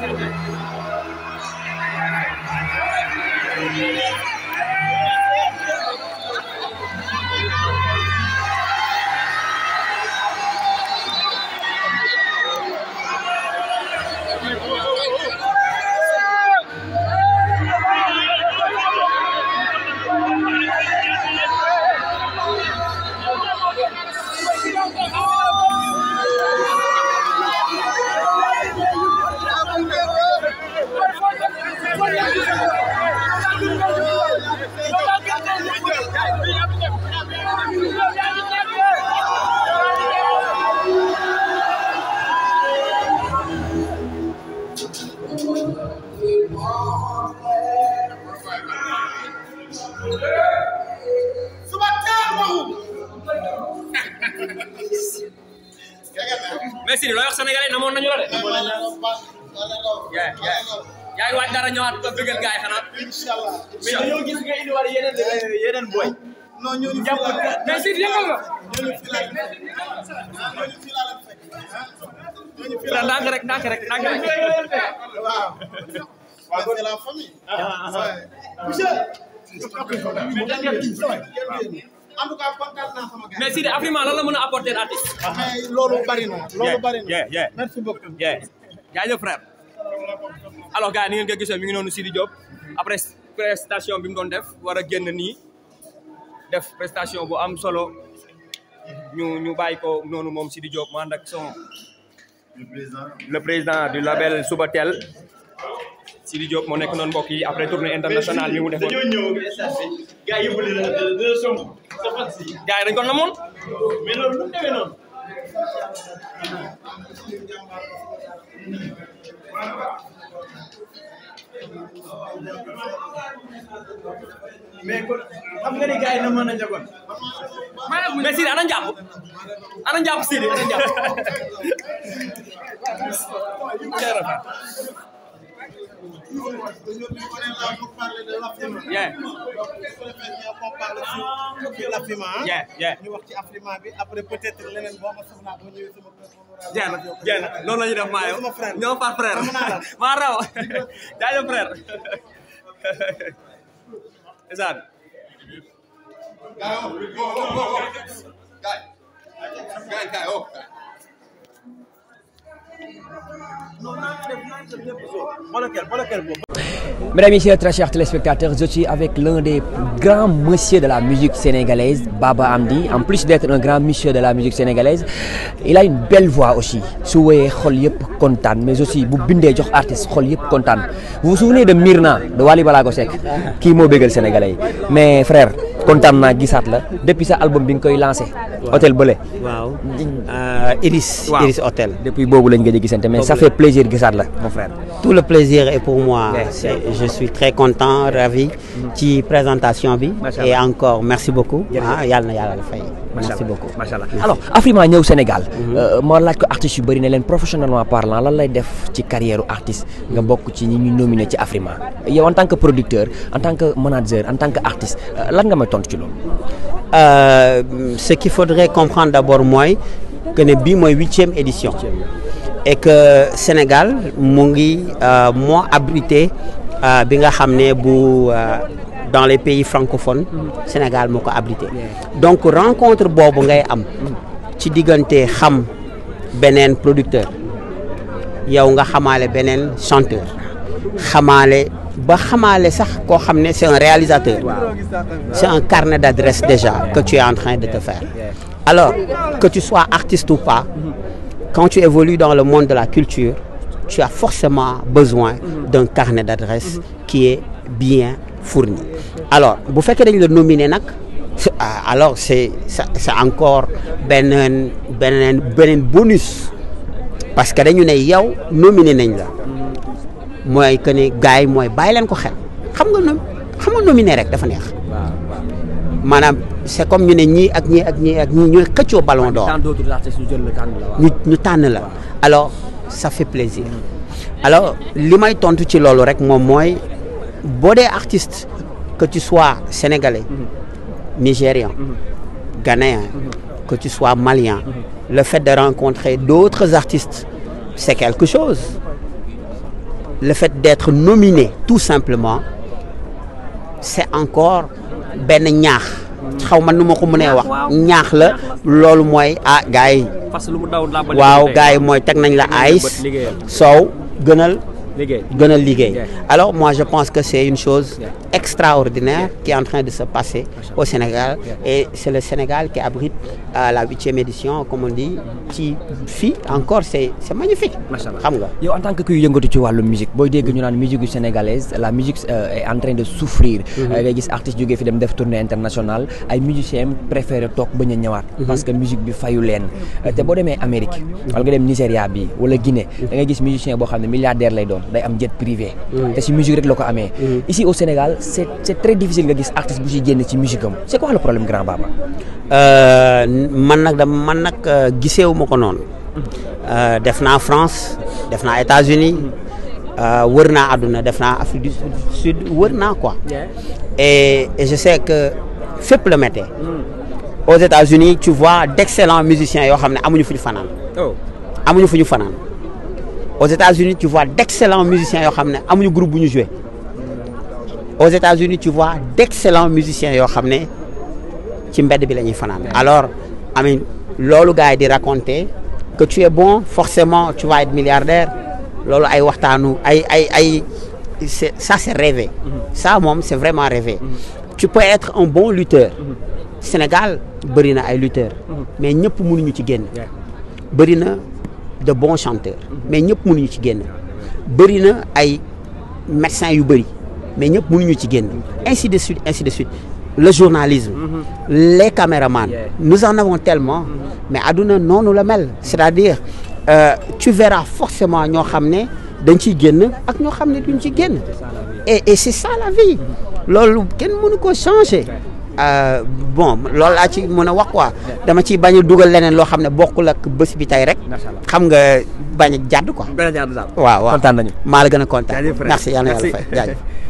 Thank you. suba teel waxu. la de. yaa yaa yaa ngi waaj dara ñëwaat gis nga indiwaat yeneen eh, yeneen boy. non ñooñu fi la la mais Sidi yëngal nga. la la ñooñu fi la la ndànk rek en tout Sidi Afrima lan mën a apporter artiste. loolu bari na loolu bari na merci beaucoup. jaajëf frère. alors gars ni ngeen ko mi ngi noonu Sidi Diop après prestation bi mu doon def war a génn nii def prestation bu am solo ñu ñu bàyyi ko noonu moom Sidi Diop mu ànd ak le président le président du label Subatel. Sidi Diop moo nekk noonu mbokk yi après tournée internationale mu defoon. dañoo ñëw gars yi yëppale la dina song sa fan si. gars yi dañu ko namoon. mais loolu bu demee noonu. mais kon xam nga ni gars yi na mën a njaboot. mais Sidi ana njàpp ana njàpp yeah. yeah yeah yeah yeah noonu la ñu def maayo ñoo far frère maa raw jaajëf frère isaan gaay gaay Mesdames, Messieurs, très chers téléspectateurs, je suis avec l'un des grands messieurs de la musique sénégalaise, Baba Hamdy. En plus d'être un grand monsieur de la musique sénégalaise, il a une belle voix aussi. su woyee xol yëpp kontaan mais aussi bu bindee jox artiste xol yëpp kontaan vous souvenez de Myrna de Wally Balago Seck kii moo bégal sénégalais mais frère kontaan naa gisaat la depuis sa album bi nga koy lancé. hôtel Bële. waaw euh, Iris. Iris hôtel. depuis boobu lañ gëj a gisante mais ça fait plaisir gisaat la tout le plaisir est pour moi. je suis très content ravi. Mm. ci présentation bi. et encore merci beaucoup. ah Afrima ñëw Sénégal. Mm-hmm. Euh, ma laaj ko artistes yu bëri ne leen professionnellement parlant lan lay def ci carrière artiste. nga bokk ci ñi ñu nominé ci Afrima. yow en tant que producteur en tant que manager en tant que artiste euh, tontu ci loolu. Euh, ce qu'il faudrait comprendre d'abord mooy que ne bii mooy huitième édition. et que Sénégal mu ngi euh, moo abrité euh, bi nga xam ne bu. dans les pays francophones Sénégal moo ko abrité donc rencontre boobu ngay am ci diggante xam beneen producteur yow nga xamaale beneen chanteur xamaale ba xamaale sax koo xam ne c'est un réalisateur c'est un carnet d'adresse déjà que tu es en train de te faire alors que tu sois artiste ou pas quand tu évolues dans le monde de la culture tu as forcément besoin d'un carnet d'adresse qui est bien fourni alors bu fekkee dañ la nominer nag alors c'est c'est encore beneen beneen beneen bonus parce que dañu ne yow nominé nañ la mooy que ni gars yi mooy bàyyi leen ko xel xam nga nom xam nga nominé rek dafa neex. maanaam c'est comme ñu ne ñii ak ñii ak ñii ak ñii ñooy xëccoo ballon d'or ñu ñu tànn la alors ça fait plaisir mm. alors li may tontu ci loolu rek moom mooy boo dee artiste que tu sois sénégalais mm-hmm. nigérian mm-hmm. ghanéen mm-hmm. que tu sois malien le fait de rencontrer d'autres artistes c'est quelque chose le fait d'être nominé tout simplement c'est encore benn ñaax xaw ma nu ma ko mënee wax ñaax la loolu mooy ah gars yi waaw gars yi mooy teg nañ la ayis soow gënal gën a liggéey alors moi je pense que c'est une chose extraordinaire qui est en train de se passer au Sénégal et c'est le Sénégal qui abrite euh, la huitième édition comme on dit ci fii encore c'est c'est magnifique xam nga yow en tant que kuy yëngatu ci wàllu musique booy dégg ñu naan musique sénégalaise la musique euh, est en train de souffrir mm-hmm. euh, nga gis artiste jógee fi dem def tournée internationale ay musiciens préféré toog bañ a ñëwaat mm-hmm. parce que musique bi fayu leen te boo demee Amérique mm-hmm. wala nga dem bi wala Guinée da ngay gis musicien boo xam ne milliardaire lay doon day am jet privé. Mm. te si musique rek la ko amee. si mm. au Sénégal c' très difficile nga gis artiste bu si génn ci musique am c' est quoi le problème grand baba. Euh, man nag da man nag euh, giseewu ma ko noonu. Mm. Euh, def naa France def naa États-Unis wër naa àdduna def naa Afrique du Sud wër naa quoi. et et je sais que fépp la méttee. aux États-Unis tu vois d' excellents yoo xam ne amuñu fu ñu fanaan. Oh. amuñu fu ñu fanaan. aux États-Unis tu vois d'excellents musiciens yoo xam ne amuñu groupe bu ñu joué aux États-Unis tu vois d'excellents musiciens yoo xam ne ci mbedd bi la ñuy fanaan alors amin loolu gars yi di raconter que tu es bon forcément ci vas être milliardaire loolu ay waxtaanu ay ay ay c'est ça c'est rêvé mm-hmm. ça moom c'est vraiment rêvé tu peux être un bon lutter mm-hmm. Sénégal bëri na ay lutteurs mm-hmm. mais ñëpp mënuñu ci génn bëri na de bon chanteurs mais ñëpp mënuñu ci génn bëri na ay médecins yu bëri mais ñëpp mënuñu ci génn ainsi de suite ainsi de suite le journalisme mm-hmm. les caméramans nous en avons tellement mm-hmm. mais àdduna noonu la mel c'est-à-dire euh, tu verras forcément ñoo xam ne dañ ciy génn ak ñoo xam ne duñ ci génn et et c'est ça la vie mm-hmm. loolu kenn mënu ko changer Euh, bon loolu laa ci mën a wax quoi dama ci bañ a dugal leneen loo xam ne bokkul ak bés bi tey rek xam nga bañ a jàdd quoi. waaw waaw kontaan nañu maa la gën a kontaan merci yàlla na yàlla